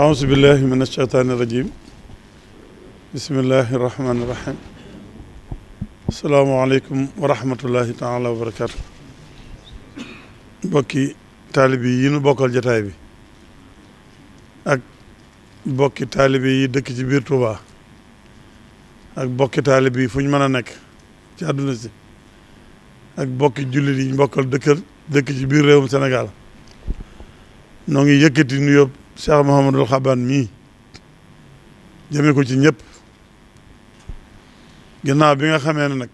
أعوذ بالله من الشيطان الرجيم بسم الله الرحمن الرحيم السلام عليكم ورحمة الله تعالى bi ak bokki taalibe yi dëkk ci biir Touba ak bokki taalibe yi fu ñu mën a nekk ci àdduna si ak bokki jullit yi ñu bokkal dëkk ci biir réewum senegal noo ngi yëkkati nuyoo Cheikh Mouhamadul Xabaan mii jëmee ko ci ñëpp ginnaaw bi nga xamee ne nag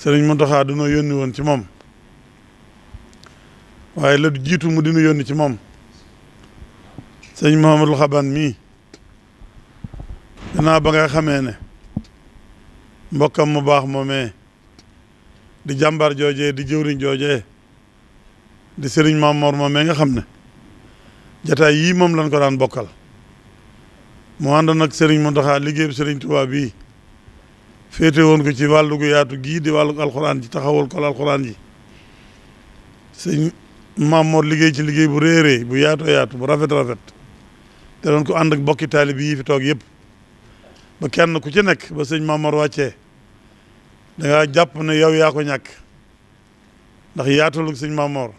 Sëriñ Muntaxa dunoo yónni woon ci moom waaye la jiitu mu dinu yónni ci moom Sëriñ Mouhamadul Xabaan mii ginnaaw ba nga xamee ne mbokkam mu baax moomee di jàmbar jooje di jëwriñ jooje di Sëriñ Maam Mor moomee nga xam ne jataay yii moom lañ ko daan bokkal mu àndoon ak Serigne Mountakha liggéey bi Serigne Touba bii féete woon ci wàllu yaatu gii di wàllu alxuraan ji taxawal ko alxuraan ji sëñ Mamoor liggéey ci liggéey bu réeréy bu yaatu yaatu bu rafet rafet te doon ko ànd ak bokki taalib yi fi toog yëpp ba kenn ku ci nekk ba sëñ Mamoor wàccee da ngaa jàpp ne yow yaa ñàkk ndax yaatalu sëñ Mamoor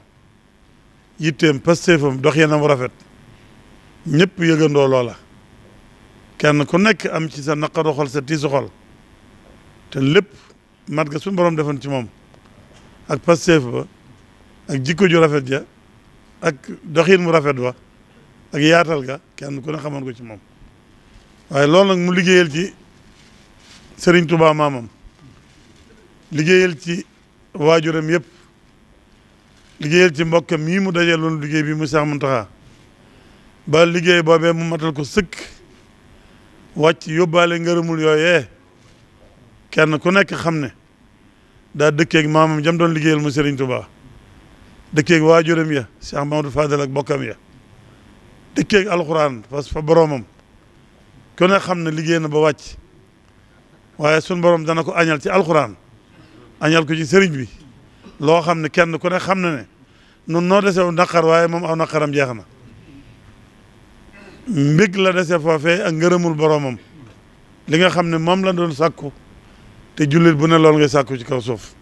yitteem pasteefam doxinam rafet ñëpp yëgandoo loola kenn ku nekk am ci sa naqaru xol sa tiisu xol te lépp mat ga suñu borom defoon ci moom ak pasteef ba ak jikko ju rafet ja ak doxin mu rafet wa ak yaatal ga kenn ku ne xamoon ko ci moom waaye loolu nag mu liggéeyal ci Serigne Touba maamam liggéeyal ci waajuram yëpp liggéeyal ci mbokkam mii mu dajee loolu liggéey bi mu Seex Muntaxa ba liggéey boobee mu matal ko sëkk wàcc yóbbaale ngërëmul yooyee kenn ku nekk xam ne daa dëkkeeg maamam jam doon liggéeyal mu Serigne Touba dëkkeeg waajuram ya Seex Mamadou Fadel ak bokkam ya dëkkeeg alxuraan parce que fa boroomam ku xam ne liggéey na ba wàcc waaye sun borom dana ko añal ci alxuraan añal ko ci sëriñ bi loo xam ne kenn ku ne xam na ne nun noo dese aw naqar waaye moom aw naqaram jeex na mbig la dese foofee ak ngërëmul mam li nga xam ne moom la doon sàkku te jullit bu ne lool ngay sàkku ci kaw suuf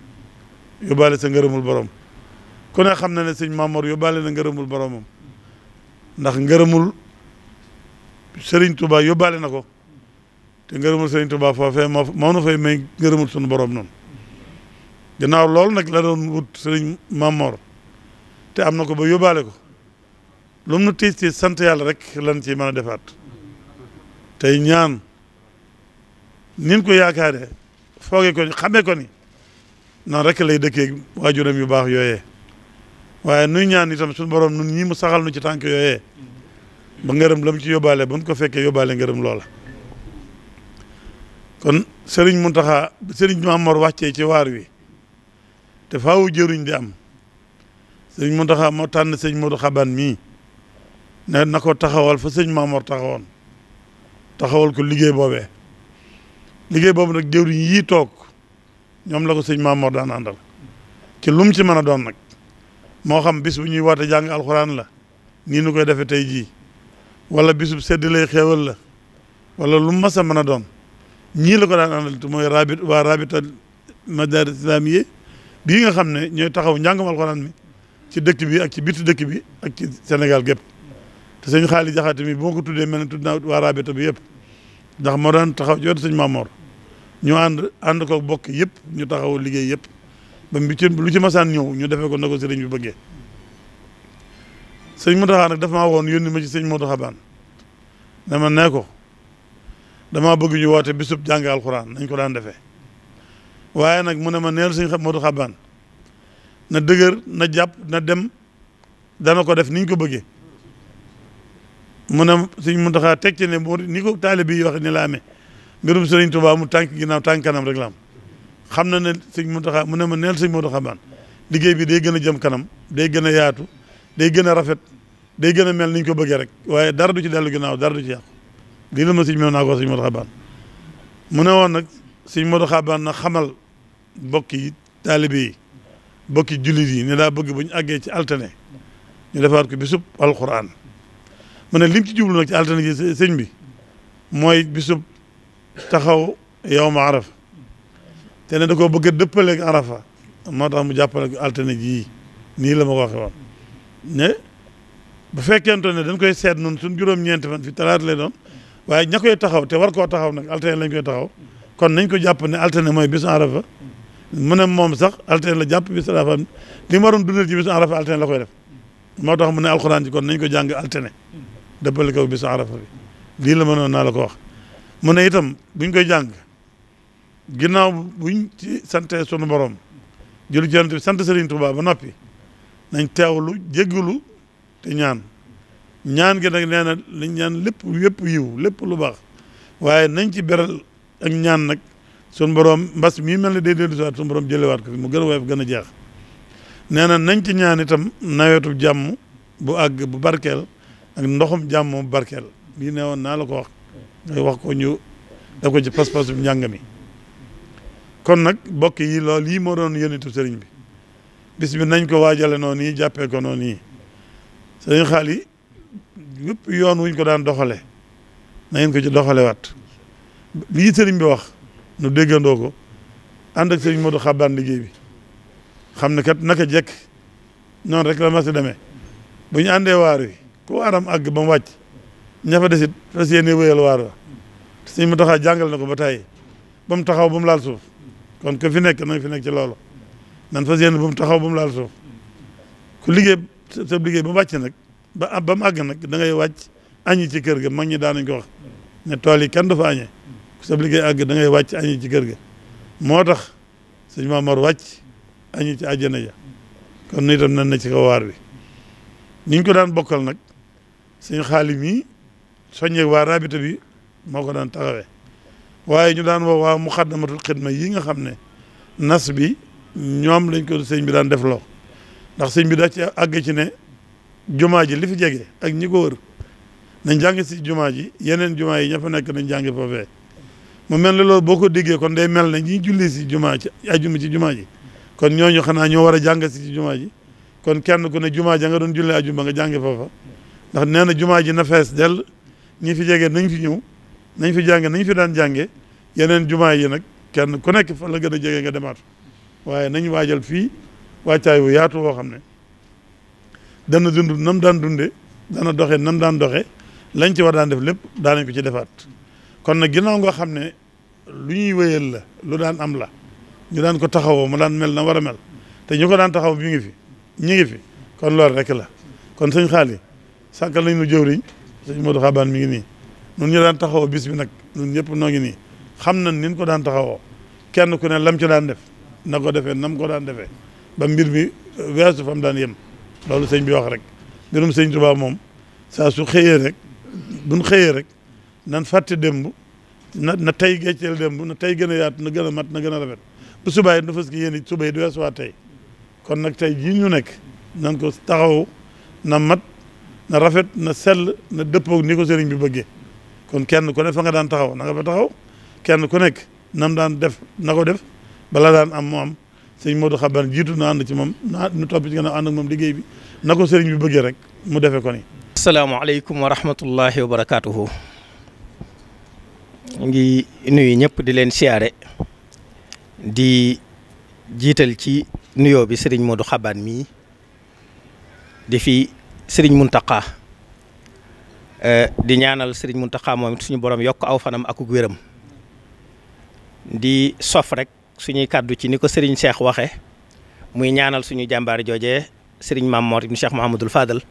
yóbbaale sa ngërëmul borom ku ne xam na ne sëñ Maamoor yóbbaale na ngërëmul boromam ndax ngërëmul Sëriñ Tuubaa yobale na ko te ngërëmul Sëriñ Tuubaa foofee moo nu fay may ngërëmul sunu borom noonu gannaaw loolu nag la doon wut sëriñ Mamor te am na ko ba yóbbaale ko lu nu tiis tiis sant yàlla rek lan ci mën a defaat tey ñaan nin ko yaakaaree foogee ko xamee ko ni noonu rek lay dëkkee waajuram yu baax yooyee waaye nuy ñaan itam suñu borom nun ñii mu saxal nu ci tànk yooyee ba ngërëm la mu ci yóbbaale ba mu ko fekkee yóbbaale ngërëm loola kon sëriñ Muntaxa sëriñ Mamor wàccee ci waar wi te faaw jëriñ di am sëñ Mountakha moo tànn sëñ Modou Xaban mii ne na ko taxawal fa sëñ Maamoor taxawoon taxawal ko liggéey boobe liggéey boobu nag jëriñ yii toog ñoom la ko sëñ Maamoor daan àndal ci lum ci mën a doon nag moo xam bis bu ñuy woote jàng alxuraan la nii nu koy defee tey jii wala bisub sedd lay xéewal la wala lu mas a mën a doon ñii la ko daan àndal te mooy rabit waa rabita madaaris islaam bii nga xam ne ñooy taxaw njàngam alxuraan mi ci dëkk bi ak ci biti dëkk bi ak ci Sénégal gépp te sëñ Xaali Jaxate mi bu ma ko tuddee mel tudd naa waa rabita bi yëpp ndax moo daan taxaw ci wetu ma Maamoor ñu ànd ànd ko bokk yëpp ñu taxaw liggéey yëpp ba bi ci lu ci masaan ñëw ñu defee ko na ko sëriñ bi bëggee sëñ Mountakha nag dafa maa woon yónni ma ci sëñ Modou Xabaan dama ne ko damaa bëgg ñu woote bisub jàng alxuraan nañ ko daan defee waaye nag mu ne ma neel sëñ Moodu Xabaan na dëgër na jàpp na dem dana ko def niñ ko bëggee mu ne sëñ Muntaxa teg ci ne ni ko taalibe yi wax ni la amee mbirum sëriñ Tuubaa mu tànk ginaaw tànk kanam rek xam na ne sëñ Muntaxa mu ne ma neel sëñ Moodu Xabaan liggéey bi day gën a jëm kanam day gën a yaatu day gën a rafet day gën a mel niñ ko bëggee rek waaye dara du ci dellu ginnaaw dara du ci yàqu lii la ma sëñ mom naa ko sëñ Moodu Xabaan mu ne woon sëñ Modou Xaban na xamal mbokk yi taalibe yi mbokk yi jullit yi ne daa bëgg bu ñu àggee ci altine ñu defaat ko bisub alquran mu ne lim ci jublu nag ci altine ji sëñ bi mooy bisub taxaw yawma arafa te ne da koo bëgg a dëppaleeg arafa moo tax mu jàppale altine jii nii la ma ko waxee woon ne bu fekkente ne dañ koy seet noonu suñ juróom-ñeenti fan fi talaata lay doon waaye ña koy taxaw te war koo taxaw nag altine lañ koy taxaw kon nañ ko jàpp ne altine mooy bisu arafa mu ne moom sax altine la jàpp bisu arafa li mu waroon ci bisu arafa altine la koy def moo tax mu ne alxuraan ji kon nañ ko jàng altine dëppale ko bisu arafa bi lii la mënoon naa ko wax mu ne itam buñ koy jàng ginnaaw buñ ci sante sunu borom sant Serigne Touba ba noppi nañ teewlu jéggulu te gi nag nee na liñ ñaan lépp lépp lu baax waaye nañ ci beral ak ñaan nag sun borom mbas mii mel ne day dellu siwaat sun borom jëlewaat ko fi mu gën a woyof gën a jeex nee na nañ ci ñaan itam nawetu jàmm bu àgg bu barkeel ak ndoxum jàmm bu barkeel bii naa la ko ko ñu def ko ci pas-pasu kon nag bokk yi lool yii moo doon yónnitu sëriñ bi bis bi nañ ko waajale noonu yi jàppee ko noonu yi sëriñ xaal yi yoon wuñ ko daan doxale na ko ci doxale waat lii sëriñ bi wax nu déggandoo ko ànd ak sëriñ Modou xabaan liggéey bi xam ne kat naka jekk noonu rek la ma si demee bu ñu àndee waar wi ku waaram àgg ba mu wàcc ña fa desit fas yéene wéyal waar wa sëriñ mu taxaa jàngal na ko ba tàyyi ba mu taxaw ba mu laal suuf ko ku fi nekk na nga fi nekk ci loolu nan fas mu taxaw ba mu laal liggéey sa liggéey ba mu wàcc nag ba ba mu àgg nag da ngay wàcc añi ci kër ga mag ñi daanañ ko wax ne tool yi kenn dafa añee ku sa liggéey àgg da ngay wàcc añi ci kër ga moo tax sëñ Maamor wàcc añi ci àjjana ja kon nu itam na ci kaw waar bi niñ ko daan bokkal nag sëñ xaali mii soññeeg waa rabita bi moo ko daan taxawe waaye ñu daan woo waa muxaddamatul xidma yi nga xam ne nas bi ñoom lañ ko sëñ bi daan def loo ndax sëñ bi daa ci àgg ci ne jumaa ji li fi jege ak ñi ko wër nañ jàng si jumaa ji yeneen jumaa yi ña fa nekk nañ jàng foofee mu mel ne loolu boo ko déggee kon day mel ne ñi julli si jumaa ci ajuma ci jumaa ji kon ñooñu xanaa ñoo war a jàng si ci jumaa ji kon kenn ku ne jumaa ja nga doon julli ajuma nga jànge foofa ndax nee na jumaa ji na fees dell ñi fi jege nañ fi ñëw nañ fi jànge nañ fi daan jànge yeneen jumaa yi nag kenn ku nekk fa la gën a jege nga demaat waaye nañ waajal fii wàccaay wu yaatu woo xam ne dana dund nam daan dunde dana doxe nam daan doxe lañ ci war daan def lépp daanañ ko ci defaat kon nag ginnaaw nga xam ne lu ñuy wéyal la lu daan am la ñu daan ko taxawoo mu daan mel na war a mel te ñu ko daan taxaw mi ngi fi ñu ngi kon loolu rek la kon sëñ xaali sàkkal nañ nu jëwriñ sëñ Modou Xabaan mi ngi nii nun ñu daan taxawoo bis bi nag nun ñëpp noo ngi nii xam nañ nin ko daan taxawoo kenn ku ne lam ci daan def na ko defee nam ko daan defee ba mbir mi euh, weesu fam daan yem loolu sëñ bi wax rek mu sëñ Tuubaa moom saa su xëyee rek buñ xëyee rek nan fàtte démb na na tey gecceel démb na tey gën a yaatu na gën a mat na gën a rafet bu subaa it nu fas yéene it suba yi du tey kon nag tey jii ñu nekk nan ko taxaw na mat na rafet na sell na dëppoog ni ko sëriñ bi bëggee kon kenn ku ne fa nga daan taxaw na nga fa taxaw kenn ku nekk nam daan def na ko def bala daan am mu am sëñ Modou Xaban jiitu na ànd ci moom na nu topp ci gën a ànd ak moom liggéey bi na ko sëriñ bi bëggee rek mu defee ko ni asalaamaaleykum wa rahmatullahi wa barakatuhu ngi nuyu ñëpp di leen siyaare di jiital ci nuyoo bi sëriñ Modou Xabaan mii di fi sëriñ Muntaqa euh, di ñaanal sëriñ Muntaqa moom suñu borom yokk aw fanam ak wéram di sof rek suñuy kàddu ci ni ko sëriñ Cheikh waxe muy ñaanal suñu jàmbaar jooje sëriñ Maam Mor ibn Cheikh Mouhamadul Fadal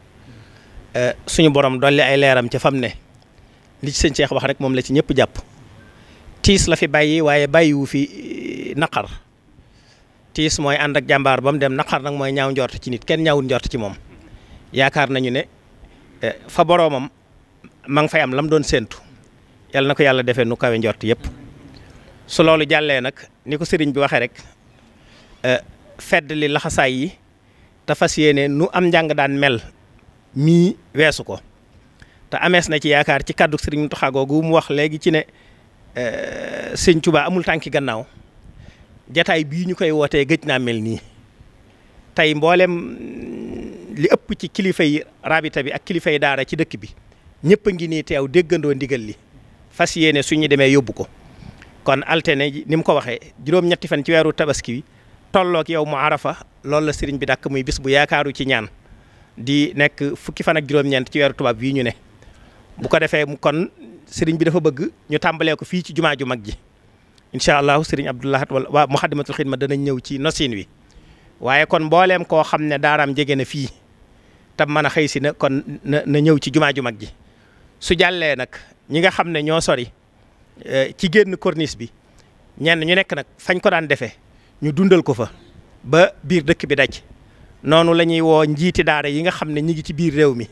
euh, suñu borom dolli ay leeram ca fam ne li ci sëñ Cheikh wax rek moom la ci ñëpp jàpp tiis la fi bàyyi waaye bàyyiwu fi eh, naqar tiis mooy ànd ak jàmbaar ba mu dem naqar nag mooy ñaaw njort ci nit kenn ñaawul njort ci moom yaakaar nañu ne eh, fa boroomam ma nga fay am lam doon séentu yàlla na ko yàlla defee nu kawe njort yëpp su loolu jàllee nag ni ko sëriñ bi waxee rek eh, fedd li laxasaay yi te fas yéene nu am njàng daan mel mii weesu ko te amees na ci yaakaar ci kàddu Serigne Mountakha googu mu wax léegi ci ne euh, Sëñ Touba amul tànki gannaaw jataay bii ñu koy wootee gëj naa mel nii tey mboolem li ëpp ci kilifa yi rabita bi ak kilifa yi daara ci dëkk bi ñëpp a ngi nii teew déggandoo ndigal li fas yéene su ñu demee yóbbu ko kon altene ni mu ko waxee juróom-ñetti fan ci weeru tabaski wi tolloog yow mu arafa loolu la sëriñ bi dàkk muy bis bu yaakaaru ci ñaan di nekk fukki fan ak juróom-ñeent ci weeru tubaab bii ñu ne bu ko defee kon sëriñ bi dafa bëgg ñu tàmbalee ko fii ci jumaa ju mag ji incha allahu sëriñ Abdoulahat wala waa Muxaddamatul ma danañ ñëw ci nosin wi waaye kon mbooleem koo xam ne daaraam jege na fii tam mën a xëy si na kon na ñëw ci jumaa ju mag ji su jàllee nag ñi nga xam ne ñoo sori eh, ci génn korniis bi ñenn ñu nekk nag fañ ko daan defee ñu dundal ko fa ba biir dëkk bi daj noonu la ñuy woo njiiti daara yi nga xam ne ñi ci biir réew mi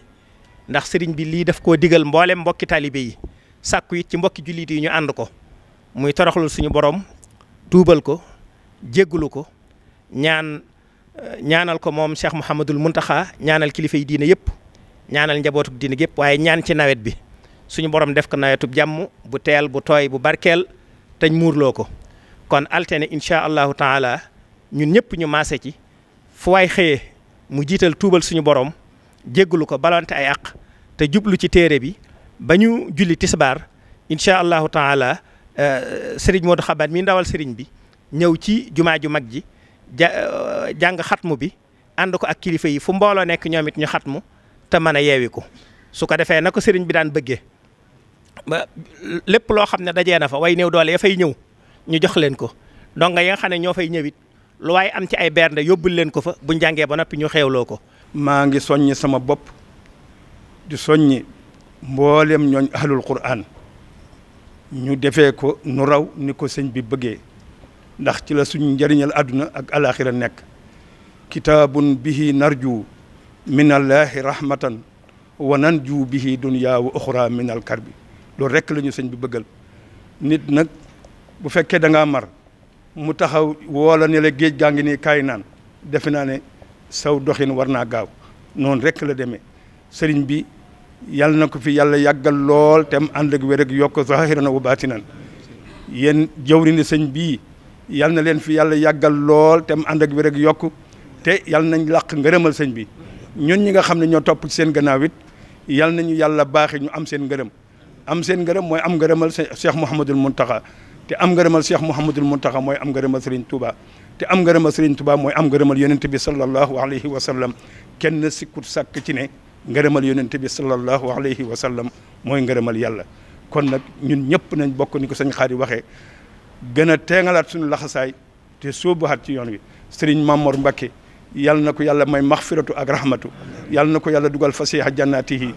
ndax sëriñ bi lii def koo digal mboolem mbokki taalibe yi sàkku it ci mbokki jullit yi ñu ànd ko muy toroxlul suñu borom tuubal ko jéggulu ko ñaan eh, ñaanal ko moom Cheikh Mouhamadul Mountakha ñaanal kilifa yi diina yëpp ñaanal njabootug diine yëpp waaye ñaan ci nawet bi suñu borom def ko nawetub jàmm bu teel bu tooy bu barkeel teñ muurloo ko kon altine incha allahu taala ñun ñëpp ñu maase ci fu waay xëyee mu jiital tuubal suñu borom. jéggalu ko balante ay àq te jublu ci téere bi ba ñu julli tisbaar incha allahu taala moo euh, Modou Xabaat mi ndawal sëriñ bi ñëw ci jumaa ju mag ji ja euh, jàng xatmu bi ànd ko ak kilifa yi fu mbooloo nekk ñoom it ñu xatmu te man a yeewi ko su ko defee na ko sëriñ bi daan bëggee ba lépp loo xam ne dajee na fa way néew doole ya fay ñëw ñu jox leen ko donc ya nga xam ne ñoo fay ñëwit lu waaye am ci ay bernde yóbbul leen ko fa bu njàngee ba noppi ñu xeewloo ko maa ngi soññ sama bopp di soññi mboolem ñooñ ahlul quraan ñu defee ko nu raw ni ko sëñ bi bëggee ndax ci la suñ njariñal àdduna ak alaxira nekk kitaabun bihi narju minallaahi rahmatan wa nanju bihi dunya wa uxra min al karbi loolu rekk lañu ñu sëñ bi bëggal nit nag bu fekkee danga mar mu taxaw woola ne la géej gaa ngi nii kaay defe naa ne saw doxin war naa gaaw noonu rek la demee sëriñ bi yàlla na ko fi yàlla yàggal lool te mu ànd ak wér ak yokk zahiran wa baatinan yéen jawrini sëñ bii yàlla na leen fi yàggal lool te ànd ak wér yokk te yàlla nañ làq ngërëmal sëñ bi ñun ñi nga xam ne ñoo topp ci seen gannaaw yal na ñu yàlla baaxee ñu am seen ngërëm am seen ngërëm mooy am ngërëmal Cheikh Mouhamadul Mountakha te am ngërëmal Cheikh Mouhamadul Mountakha mooy am ngërëmal Serigne Touba. te am ngërëmal Serigne tubaab mooy am ngërëmal yonent bi sallallahu alayhi wa sallam kenn sikkut sàkk ci ne ngërëmal yonent bi sallallahu alayhi wa sallam mooy ngërëmal yàlla kon nag ñun ñëpp nañ bokk ni ko sëñ Xaadi waxee gën a teengalaat suñu laxasaay te sóobuwaat ci yoon wi Serigne Mamor Mbakke yàlla na ko yàlla may maxfiratu ak rahmatu yàlla na ko yàlla dugal fasiha jannatihi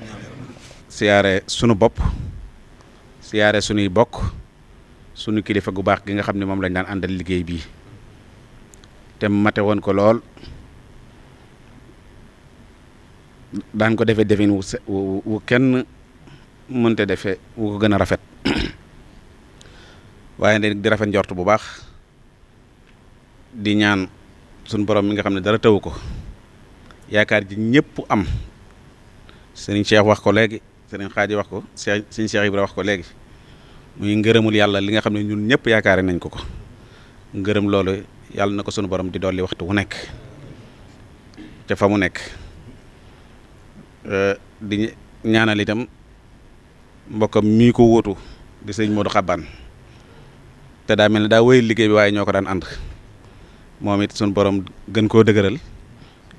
siyaare sunu bopp siyaare sunuy bokk sunu kilifa gu baax gi nga xam ne moom lañ daan àndal liggéey bii te mate woon ko lool daan ko defee defin wu wu kenn mënte defe wu ko gën a rafet waaye nag di rafet njort bu baax di ñaan sun borom mi nga xam ne dara tawu ko yaakaar ji ñëpp am sëriñ Cheikh wax ko léegi sëriñ Xaaji wax ko sëriñ Cheikh Ibra wax ko léegi muy ngërëmul yàlla li nga xam ne ñun ñëpp yaakaare nañ ko ko ngërëm loolu yàlla na ko sunu borom di dolli waxtu wu nekk te fa mu nekk euh, di ñaanal itam mbokkam mii ko wóotu di sëñ Modou Xaban te daa mel ne daa wéyal liggéey bi waaye ñoo ko daan ànd moom it sunu boroom gën koo dëgëral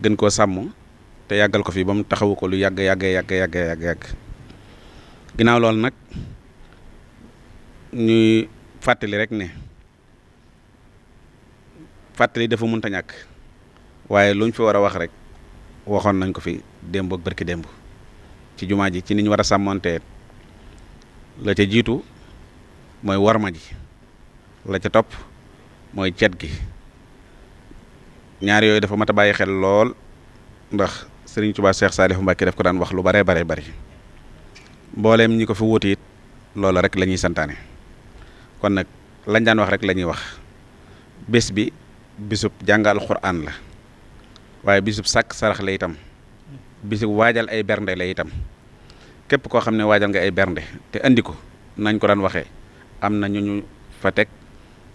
gën koo sàmm te yàggal ko fi ba mu taxawu ko lu yàgg yàgg yàgg yàgg yàgg yàgg ginnaaw loolu nag ñuy fàttali rek ne. fàttali dafa mënta ñàkk waaye luñ fi war a wax rek waxoon nañ ko fi démb ak barki démb ci jumaa ji ci niñ war a sàmmontee la ca jiitu mooy warma ji la ca topp mooy cet gi ñaar yooyu dafa mat a bàyyi xel lool ndax sëriñ Serigne Touba Cheikh Saliou Mbacké def ko daan wax lu bare bare bari mbooleem ñi ko fi wuute it loolu rek la ñuy santaane kon nag lañ daan wax rek lañuy wax bés bi bisub jàngal alxuraan la waaye bisub sàkk sarax la itam bisub waajal ay bernde lay itam képp koo xam ne waajal nga ay bernde te indi ko nañ ko daan waxee am na ñu ñu fa teg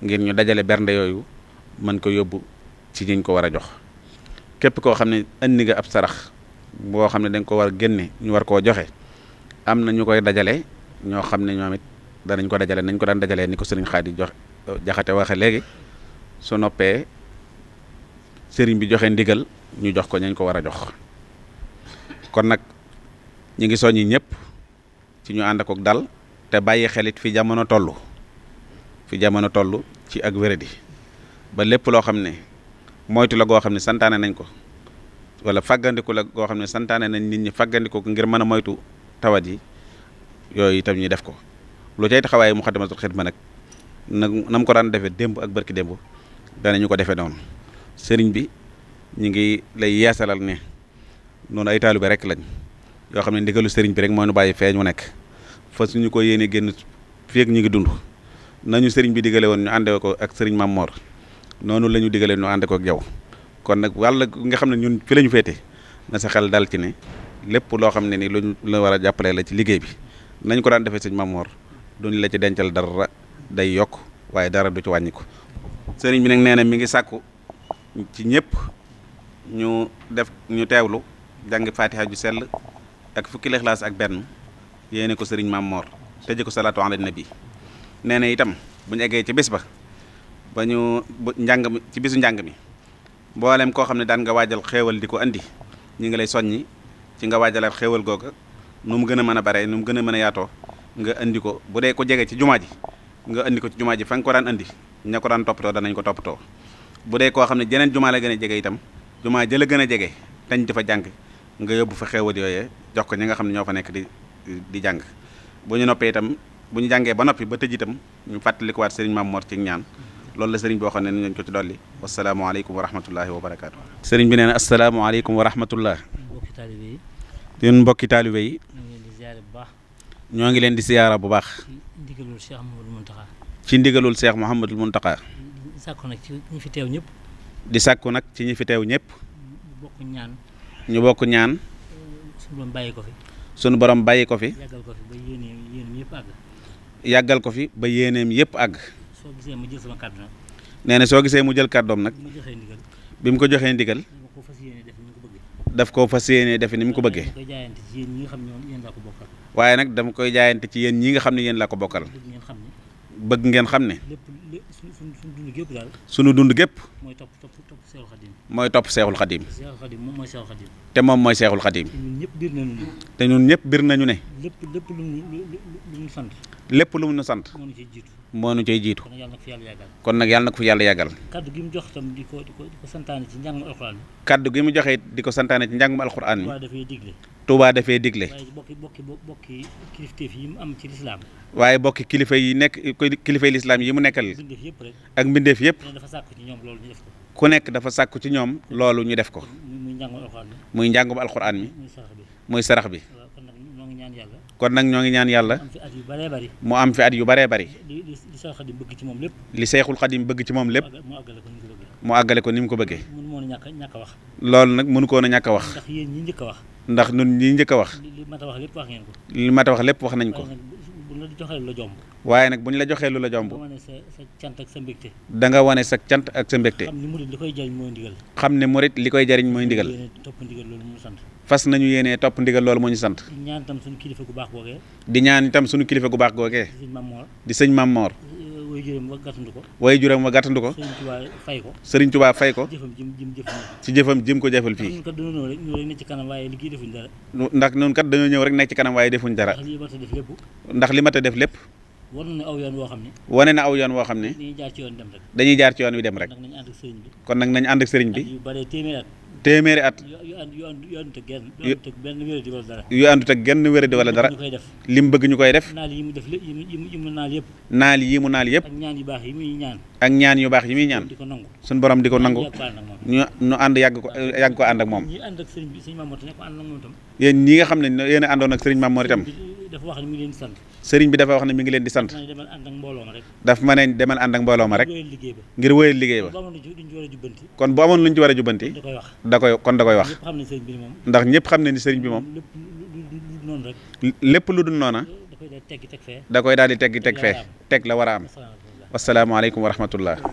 ngir ñu dajale bernde yooyu mën ko yóbbu ci ñiñ ko war a jox képp koo xam ne indi nga ab sarax boo xam ne dañ ko war a génne ñu war koo joxe am na ñu koy dajale ñoo xam ne ñoom it danañ ko dajale nañ ko daan dajalee ni ko sëriñ Xaadi jox jaxate waxe léegi su noppee sëriñ bi joxe ndigal ñu jox ko ñañ ko war a jox kon nag ñu ngi soññi ñëpp ci ñu ànd akook dal te bàyyi xelit fi jamono toll fi jamono toll ci ak wéradi ba lépp loo xam ne moytu la goo xam ne santaane nañ ko walla fàggandiku la goo xam ne santaane nañ nit ñi fàggandiku ko ngir mën a moytu tawat yi yooyu tam ñu def ko lu cay taxawaayu Muxaddamatul Xidma nag nag na ko daan defee démb ak barki démb danañu ko defee noonu sëriñ bi ñu ngi lay yeesalal ne noonu ay bi rek lañ yoo xam ne ndigalu sëriñ bi rek moo ñu bàyyi fee ñu nekk fa ñu ko yéene génn fii feeg ñu ngi dund nañu sëriñ bi digale woon ñu ànde ko ak sëriñ Mame noonu la ñu digale ñu ànde ko ak yow kon nag wàlla nga xam ne ñun fi lañu féete na sa xel dal ci ne lépp loo xam ne ni luñ la war a jàppale la ci liggéey bi nañ ko daan defee sëriñ Mame Mor duñ la ci dencal dara day yokk waaye dara du ci wàññi sëriñ bi nag nee na mi ngi sàkku ci ñëpp ñu def ñu teewlu jàngi fatiha ju sell ak fukki lexlaas ak benn yéene ko sëriñ maam Mor tëje ko salaatu ala nabi nee na itam bu ñu eggee ci bés ba ba ñu njàng mi ci bisu njàng mi mboolem koo xam ne daan nga waajal xewal di ko indi ñu ngi lay soññi ci nga waajalaat xéewal googa nu mu gën a mën a bare nu mu gën a mën a yaatoo nga indi ko bu dee ko jege ci jumaa ji nga indi ko ci jumaa ji fa nga ko daan indi ña ko daan toppatoo danañ ko toppatoo bu dee koo xam ne jeneen jumaa la gën a jege itam jumaa a gën a jege tañ di fa jàng nga yóbbu fa xewat yooyee jox ko ñi nga xam ne ñoo fa nekk di di jàng bu ñu noppee itam bu ñu jàngee ba noppi ba tëj itam ñu fàttalikuwaat sëriñ Maam Mor ci ñaan loolu la sëriñ boo xam ne nañ ko ci dolli wasalaamaaleykum wa rahmatullahi wa barakaatu. sëriñ bi nee na asalaamaaleykum wa rahmatullah. mbokki taalibe yi. ñun mbokki taalibe yi. ñoo ngi leen di ziyaara bu baax. ndigalul Cheikh Mouhamadou Mountakha. ci ndigalul seex Muhammadul Muntaqa di sàkku nag ci ñi ñëpp. di sàkku nag ci ñi fi teew ñëpp. ñu bokk ñaan. bokk ñaan. sunu borom bàyyi ko fi. borom bàyyi ko fi. ko fi ba yéeneem yëpp àgg. yàggal yëpp àgg. soo gisee mu jël sama kàddu nag. nee soo gisee mu jël kàddoom nag. bi mu ko joxee ndigal. daf koo fas yéene def ni mu ko bëggee. waaye nag dama koy jaayante ci yéen ñi nga xam ne yéen ko bokkal. ci yéen ñi nga xam ne yéen laa ko bokkal. bëgg ngeen xam ne. sunu dund gépp mooy topp seexul xadiim. mooy topp seexul xadiim. te moom mooy seexul xadiim. te ñun ñëpp bir nañu ne. lépp lépp lu mu sant. lépp lu mu sant. moo nu cay jiitu. moo nu cay jiitu. kon nag yàlla na ko fi yàlla yàggal. kaddu gi mu jox di ko di ko santaane ci njàngum alxuraan. kaddu gi mu di ko santaane ci njàngum Touba dafee digle. waaye bokki bokki bokki kilifteef yi mu am ci lislaam waaye bokki kilifa yi nekk kilifay lislaam yi mu nekkal. ak mbindeef yëpp. dafa sàkku ci ñoom loolu ñu def ko. ku nekk dafa sàkku ci ñoom loolu ñu def ko. muy njàngum alxuraan mi. muy njàngum sarax bi. kon nag ñoo ngi ñaan yàlla. mu am fi at yu bëree bëri. li Seexul Xadim bëgg ci moom lépp. li Seexul Xadim bëgg ci moom lépp. mu àggale ko ni mu ko bëggee. loolu nag mënu koon a ñàkk a wax. ndax yéen ñi a wax. ndax nun ñi njëkk a wax. li mat a wax lépp wax lépp wax nañ ko. waaye nag bu ñu la joxee lu la jomb. da wane sa cant ak sa mbégte. da nga wane sa cant ak sa mbégte. xam ne murit li koy jariñ mooy ndigal. xam ne murit li koy jariñ mooy ndigal. fas nañu yenee topp ndigal loolu moo ñu sant. di ñaan itam suñu kilifa gu baax googee. di ñaan itam suñu kilifa gu baax googee. di sëñ Mamor. waajuram wa gàttandu ko. waajuram wa gàttandu ko. Serigne Touba fay ko. Serigne Touba fay ko. ci jëfam jëm ko jëfal fii. ndax noonu kat dañoo ñëw rek nekk ci kanam waaye defuñ dara. ndax noonu a def lépp. a wane na aw woo xam ne. dañuy jaar ci yoon wi dem rek. kon nag nañu ànd sëriñ bi. téeméeri at. yu àndut ak genn wéradi wala dara. yu àndut ak genn wéradi wala dara. li mu bëgg ñu koy def. naal yi mu def yi mu naal yëpp. naal yi mu naal yëpp. ak ñaan yu baax yi muy ñaan. ak ñaan yu baax yi muy ñaan. suñu borom di ko nangu. ñu nu ànd yàgg ko yàgg ko ànd ak moom. yéen ñi nga xam ne yéen a àndoon ak Serigne Mamour itam. dafa wax ne mi sëriñ bi dafa wax ne mi ngi leen di sant. daf ma ne demal ànd ak mbooloo ma rek. ngir wéyal liggéey ba. kon bu amoon lu ñu ci war a jubbanti. da koy kon da koy wax. ndax ñëpp xam ne ni sëriñ bi moom. lépp lu dul noona. da koy daal di teggi teg fee. teg la war a am. wasalaamaaleykum wa rahmatullah